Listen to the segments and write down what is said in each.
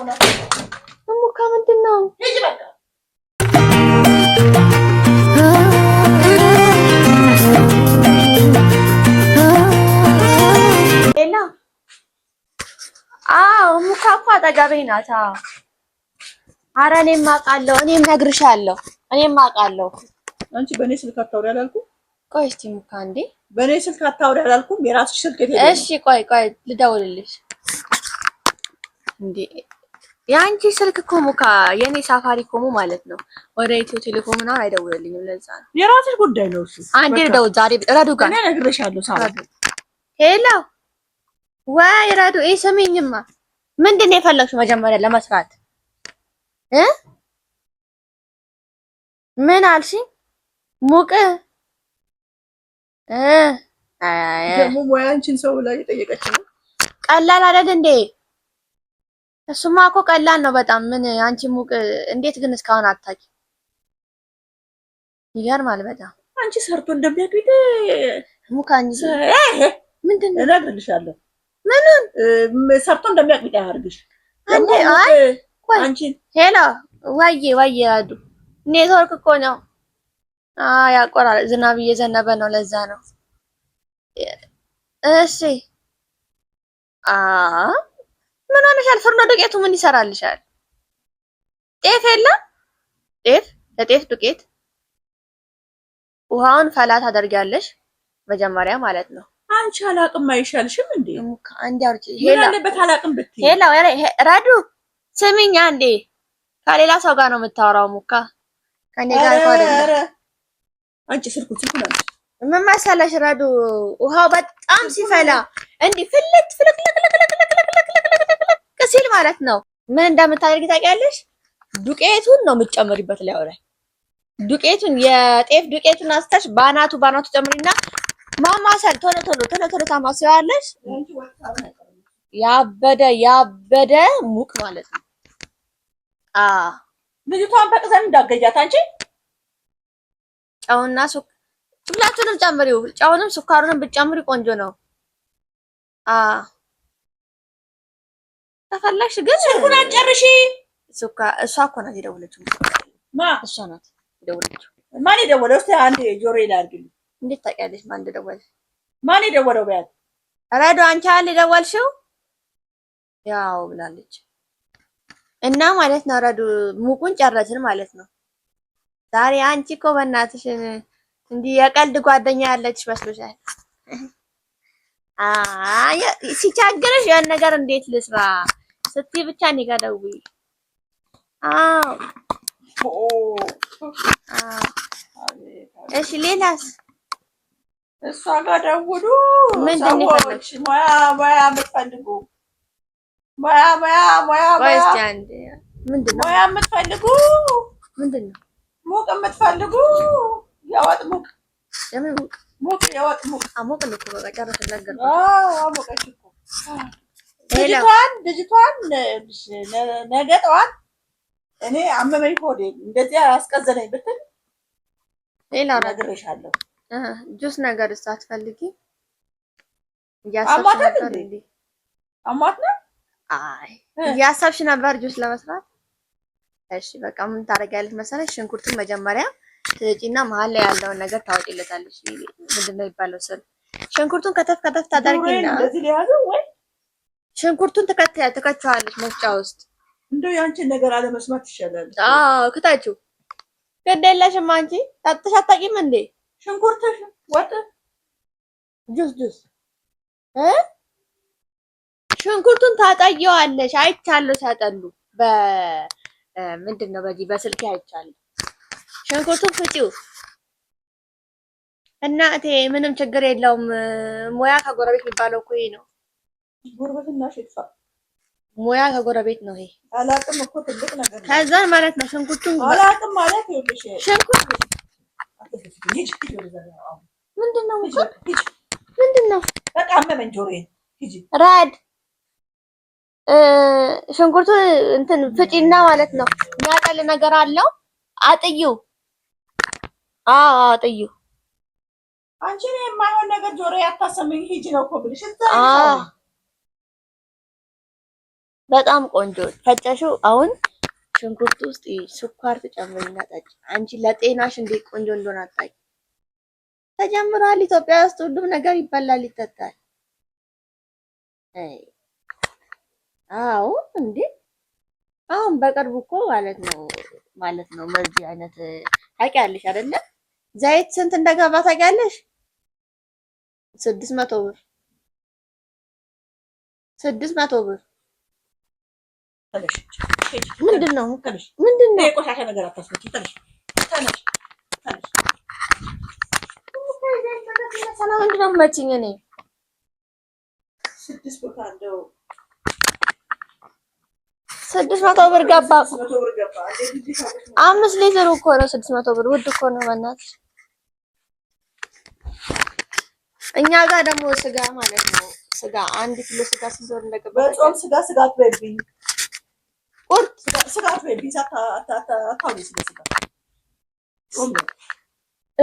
እሙካ ምንድን ነው? ሌላ አዎ፣ እሙካ እኮ አጠገቤ ናት። ኧረ እኔም አውቃለሁ፣ እኔም ነግርሻለሁ፣ እኔም አውቃለሁ። አንቺ በእኔ ስልክ አታውሪ አላልኩም? ቆይ እስኪ እሙካ፣ እንዴ በእኔ ስልክ አታውሪ አላልኩም? የራስሽ ስልክ እሺ ቆይ ቆይ ልደውልልሽ እንዴ የአንቺ ስልክ ኮሙ ሙካ የኔ ሳፋሪ ኮሙ ማለት ነው። ወደ ኢትዮ ቴሌኮም ምናምን አይደውልልኝም። ለዛ ነው የራስሽ ጉዳይ ነው። እሱ አንዴ ደውል ዛሬ ረዱ ጋር እኔ እነግርሻለሁ። ሳፋሪ ሄሎ፣ ወይ ረዱ ይሄ ስሚኝማ፣ ምንድን ነው የፈለግሽው መጀመሪያ ለመስራት እ ምን አልሽ? ሙቅ እ ደግሞ ወይ አንቺን ሰው ላይ የጠየቀች ነው። ቀላል አይደል እንዴ? እሱማ እኮ ቀላል ነው በጣም ምን አንቺ ሙቅ እንዴት ግን እስካሁን አታቂ? ይገርማል በጣም አንቺ ሰርቶ እንደሚያድግ ሙቅ አንቺ ምንድን ነው እነግርልሻለሁ። ምንም ሰርቶ እንደሚያድግ ያርግሽ። አንዴ አይ አንቺ ሄሎ ወይ ወይ አዱ ኔትወርክ እኮ ነው። አይ ያቆራል። ዝናብ እየዘነበ ነው ለዛ ነው። እሺ አ ምን ሆነሻል? ፍርኖ ዱቄቱ ምን ይሰራልሻል? ጤፍ የለም? ጤፍ ለጤፍ ዱቄት ውሃውን ፈላ ታደርጊያለሽ፣ መጀመሪያ ማለት ነው። አንቺ አላቅም አይሻልሽም እንዴ? አንዴ አውርጪ። ሄላ አላቅም ብትይ ሄላ ረዱ ስሚኝ አንዴ። ከሌላ ሰው ጋር ነው የምታወራው ሙካ፣ ከኔ ጋር አይደለም። አንቺ ስልኩ ስልኩት ምን መሰለሽ ረዱ፣ ውሃው በጣም ሲፈላ እንዴ ፍልት ፍልቅልቅልቅልቅ ሲል ማለት ነው። ምን እንደምታደርጊ ታውቂያለሽ? ዱቄቱን ነው የምትጨምሪበት ላይ ወራይ ዱቄቱን የጤፍ ዱቄቱን አስተሽ ባናቱ ባናቱ ጨምሪና ማማሰል ቶሎ ቶሎ ቶሎ ቶሎ ታማሰያለሽ። ያበደ ያበደ ሙቅ ማለት ነው። አ ልጅቷን በቅዘን እንዳገጃት አንቺ ጨውና ሱክ ሁላችሁንም ጨምሪው። ጨውንም ሱካሩንም ብትጨምሪ ቆንጆ ነው። አ ተፈላሽ ግን ስልኩን አጨርሺ። እሱካ እሷ እኮ ናት የደወለችው። ማ እሷ ናት የደወለችው። ማን የደወለው? እስኪ አንድ ጆሮ ላርግል። እንዴት ታውቂያለሽ ማን እንደደወለ? ማን የደወለው በያት። ረዶ አንቺ አለ የደወልሽው? ያው ብላለች እና ማለት ነው። ረዱ ሙቁን ጨረስን ማለት ነው። ዛሬ አንቺ እኮ በእናትሽ እንዲህ የቀልድ ጓደኛ ያለችሽ መስሎሻል። ሲቻግርሽ ያን ነገር እንዴት ልስራ ስትይ ብቻ እኔ ጋር ደውይ። አዎ እሺ። ሌላስ እሷ ጋር ደውሉ። ምንድን ነው ያለሽ? ሙያ ሙያ የምትፈልጉ ሙያ ሙያ ሙያ ሙያ የምትፈልጉ ምንድን ነው? ሙቅ የምትፈልጉ የወጥ ሙቅ የምን ሙቅ? የወጥ ሙቅ። አሞቅ ነው እኮ በቃ ጨረስን። ነገርኩህ። አዎ አሞቀች እኮ ልጅቷን ልጅቷን ነገ ጠዋት እኔ አመመኝ ሆዴ እንደዚያ አስቀዘነኝ ብትል ሌላ ነግሬሻለሁ። ጁስ ነገር ሳትፈልጊ አትፈልጊ ነበር። አሟት ነው? አይ እያሰብሽ ነበር ጁስ ለመስራት። እሺ በቃ ምን ታደርጊያለሽ መሰለሽ? ሽንኩርቱን መጀመሪያ ትጭና መሀል ላይ ያለውን ነገር ታወጪለታለሽ። ምንድን ነው የሚባለው ስል ሽንኩርቱን ከተፍ ከተፍ ታደርጊና ሽንኩርቱን ትከቸዋለች መፍጫ ውስጥ። እንደው የአንቺን ነገር አለመስማት ይሻላል። አዎ ክታችሁ ግድ የለሽም አንቺ ጠጥሽ አታውቂም እንዴ? ሽንኩርትሽ ወጥ ጁስ ጁስ እ ሽንኩርቱን ታጠየዋለሽ። አይቻለሁ ሲያጠሉ በምንድን ነው በዚህ በስልክ አይቻለሁ። ሽንኩርቱን ፍጪው እናቴ፣ ምንም ችግር የለውም። ሙያ ከጎረቤት የሚባለው እኮ ይሄ ነው። ጉርብትናሽ ይጥፋ። ሙያ ከጎረቤት ነው። ይሄ አላቅም እኮ ትልቅ ነገር ነው። ከዛን ማለት ነው ሽንኩርቱን አላቅም ማለት ይኸውልሽ፣ ሽንኩርት ምንድን ነው ምንድን ነው? በቃ አመመኝ ጆሮዬ። ረድ ሽንኩርቱ እንትን ፍጪና ማለት ነው። የሚያጠል ነገር አለው። አጥዩ። አዎ አጥዩ። አንቺ የማይሆን ነገር ጆሮዬ አታሰሚኝ። ሂጂ ነው እኮ ብልሽ በጣም ቆንጆ ፈጨሽው። አሁን ሽንኩርት ውስጥ ስኳር ተጨምሪና ጠጪ። አንቺ ለጤናሽ እንዴት ቆንጆ እንደሆነ አጣቂ ተጀምሯል። ኢትዮጵያ ውስጥ ሁሉም ነገር ይበላል፣ ይጠጣል። አዎ እንዴ! አሁን በቅርቡ እኮ ማለት ነው ማለት ነው በዚህ አይነት ታውቂያለሽ አይደለ? ዘይት ስንት እንደገባ ታውቂያለሽ? ስድስት መቶ ብር ስድስት መቶ ብር ምንድን ነው ምንድን ነው? የቆሻሻ ነገር አታስመጪ። ሰላም እኔ ስድስት መቶ ብር ገባ። አምስት ሊትር እኮ ነው ስድስት መቶ ብር ውድ እኮ ነው በእናትሽ። እኛ ጋር ደግሞ ስጋ ማለት ነው ስጋ አንድ ኪሎ ስጋ ሲዞር እንደገባ በጾም ስጋ ስጋ አትበይብኝ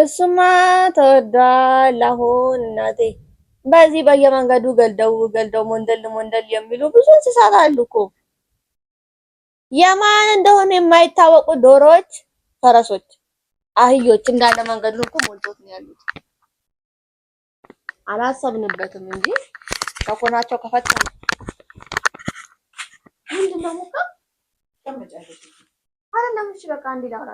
እሱማ ተወዷል። አሁን እናቴ በዚህ በየመንገዱ ገልደው ገልደው ሞንደል ሞንደል የሚሉ ብዙ እንስሳት አሉ እኮ የማን እንደሆነ የማይታወቁ ዶሮዎች፣ ፈረሶች፣ አህዮች እንዳለ መንገዱን እኮ ሞልቶት ነው ያሉት። አላሰብንበትም እንጂ ተኮናቸው ከፈተነ ምንድነው ሙካ ትቀመጫለሽ። አይደለም እሺ፣ በቃ አንዴ ላውራ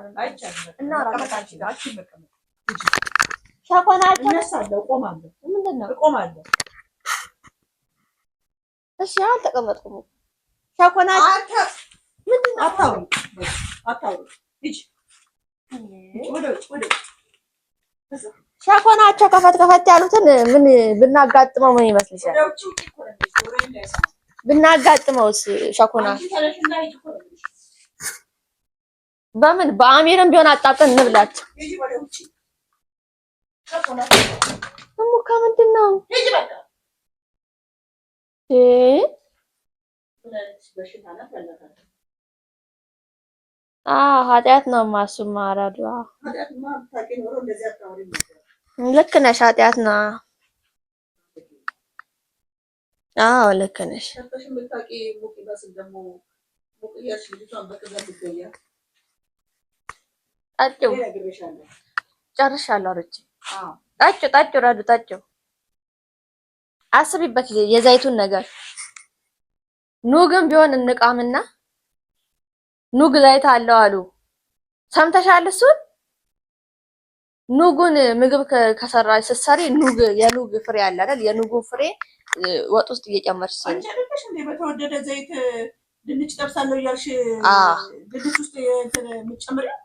ሻኮናቸው ከፈት ከፈት ያሉትን ምን ብናጋጥመው ምን ይመስልሻል? ብናጋጥመውስ ሻኮና በምን በአሚርም ቢሆን አጣጥን እንብላችሁ። እሙ ምንድን ነው ኃጢአት ነው ማሱም ማራዱ ልክ ነሽ። ኃጢአት ነው። አዎ ልክ ነሽ። ጣጭው ጨርሻለሁ። አረች ጣጭው ጣጭው ራዱ ጣጭው አስቢበት የዘይቱን ነገር ኑግም ቢሆን እንቃምና ኑግ ዘይት አለው አሉ። ሰምተሻል? እሱን ኑጉን ምግብ ከሰራሽ ስትሰሪ ኑግ የኑግ ፍሬ አለ አይደል? የኑጉን ፍሬ ወጥ ውስጥ እየጨመርሽ አንቺ በተወደደ ዘይት ድንች ጠብሳለሁ እያልሽ ድንች ውስጥ የምትጨምሪው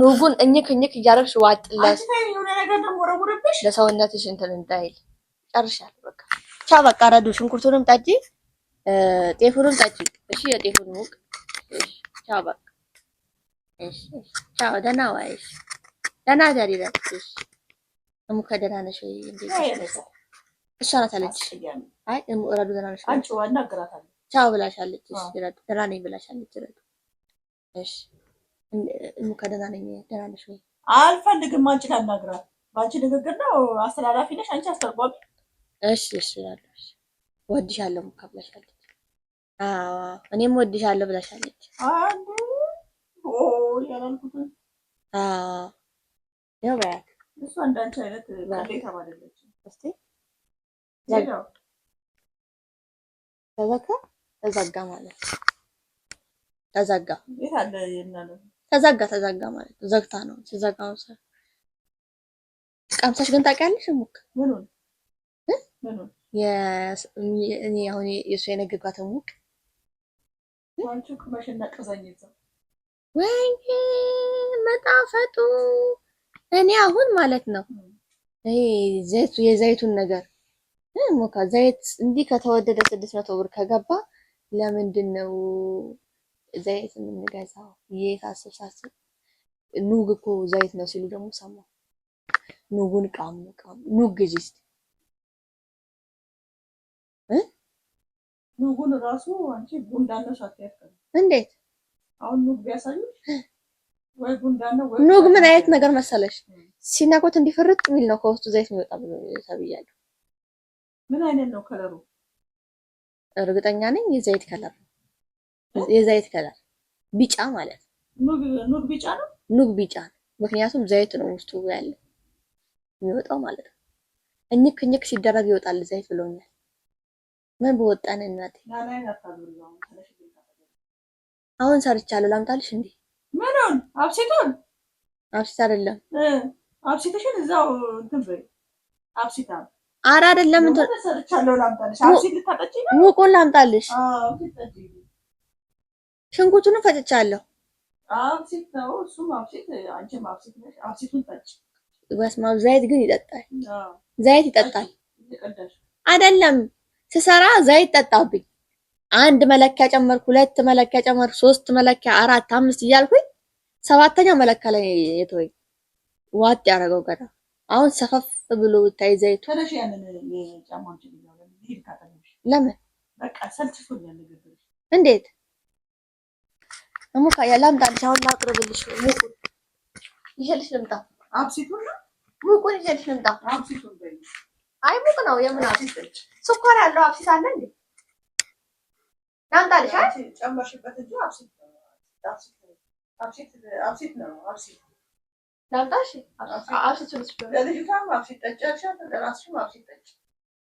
ኑጉን እኝክ እኝክ እያደረግሽ ዋጥለት ለሰውነትሽ እንትን እንዳይል ጨርሻለሁ። በቃ ቻው። በቃ ረዱ። ሽንኩርቱንም ጠጪ፣ ጤፉንም ጠጪ። እሺ፣ የጤፉን በቃ እሺ፣ ደህና ዋይሽ፣ ደህና ደሪ። እሙከ ደህና ነሽ ወይ? እንዴት ረዱ ደህና ነሽ? ብላሻለች። ረዱ ደህና ነኝ ብላሻለች። ረዱ እሺ እሙካ ደህና ነኝ። ደህና ነሽ ወይ? አልፈልግም። አንቺ ታናግራት። በአንቺ ንግግር ነው። አስተላላፊ ነሽ አንቺ፣ አስተርጓሚ። እሺ እሺ እላለሁ። እሺ ወድሻለሁ ሙካ ብላሻለች። አዎ እኔም ወድሻለሁ ብላሻለች። አንዱ ኦ ያላልኩት አዎ ያው በያት። እሱ እንዳንቺ አይነት ባለቤት አይደለች። እስቲ ዘጋ ዘጋ ማለት ተዘጋ ተዘጋ ተዘጋ ማለት ነው። ዘግታ ነው ሲዘጋ ሰው ሰ ቀምሰሽ ግን ታውቂያለሽ? ሙክ ምን አሁን የእሱ የነገርኳትን ሙክ ወይ መጣፈጡ እኔ አሁን ማለት ነው የዘይቱን ነገር ሙካ ዘይት እንዲህ ከተወደደ ስድስት መቶ ብር ከገባ ለምንድን ነው ዘይት የምንገዛው የት ሳስብ ሳስብ ኑግ እኮ ዘይት ነው ሲሉ ደግሞ ሰማሁ። ኑጉን ቃሙ ቃሙ ኑግ ግዢ እስኪ ኑጉን ራሱ አንቺ ጉንዳነሽ ነሽ እንዴት አሁን ኑግ ቢያሳዩሽ ወይ ጉንዳን ነው ወይ ኑግ ምን አይነት ነገር መሰለሽ፣ ሲናቆት እንዲፈርጥ የሚል ነው ከውስጡ ዘይት የሚወጣ ተብያለሁ። ምን አይነት ነው ከለሩ? እርግጠኛ ነኝ የዘይት ከለር ነው። የዘይት ከለር ቢጫ ማለት ኑግ ቢጫ ነው። ኑግ ቢጫ ምክንያቱም ዘይት ነው ውስጡ ያለው የሚወጣው ማለት ነው። እኝክ እኝክ ሲደረግ ይወጣል ዘይት ብሎኛል። ምን በወጣን እናቴ። አሁን ሰርቻለሁ ላምጣልሽ እንዴ? ምኑን? አብሲቱን? አብሲት አይደለም አብሲትሽን እዛው እንትን በይ አብሲታ ኧረ አይደለም እንትን ሰርቻለሁ ላምጣልሽ። አብሲት ልታጠጪ ነው? ሙቁን ላምጣልሽ። አብሲት ጠጪ ሽንኩርቱንም ፈጭቻለሁ። በስመ አብ ዘይት ግን ይጠጣል፣ ዘይት ይጠጣል አይደለም። ስሰራ ዘይት ጠጣብኝ። አንድ መለኪያ ጨመርኩ፣ ሁለት መለኪያ ጨመርኩ፣ ሶስት መለኪያ፣ አራት፣ አምስት እያልኩኝ ሰባተኛው መለኪያ ላይ የተወኝ ዋጥ ያደረገው ገና አሁን ሰፈፍ ብሎ ብታይ ዘይቱ ለምን እንዴት ሙካ ላምጣልሽ፣ አሁን ላቅርብልሽ። ሙቁን ይዤልሽ ልምጣ። ሙቁን ልምጣ። አይ ሙቅ ነው። የምን አብሲት? ስኳር ያለው አብሲት አለ እንዴ? ላምጣልሽ። አይ ጨመርሽበት እንጂ አብሲት አብሲት ነው። አብሲት ላምጣልሽ። አብሲት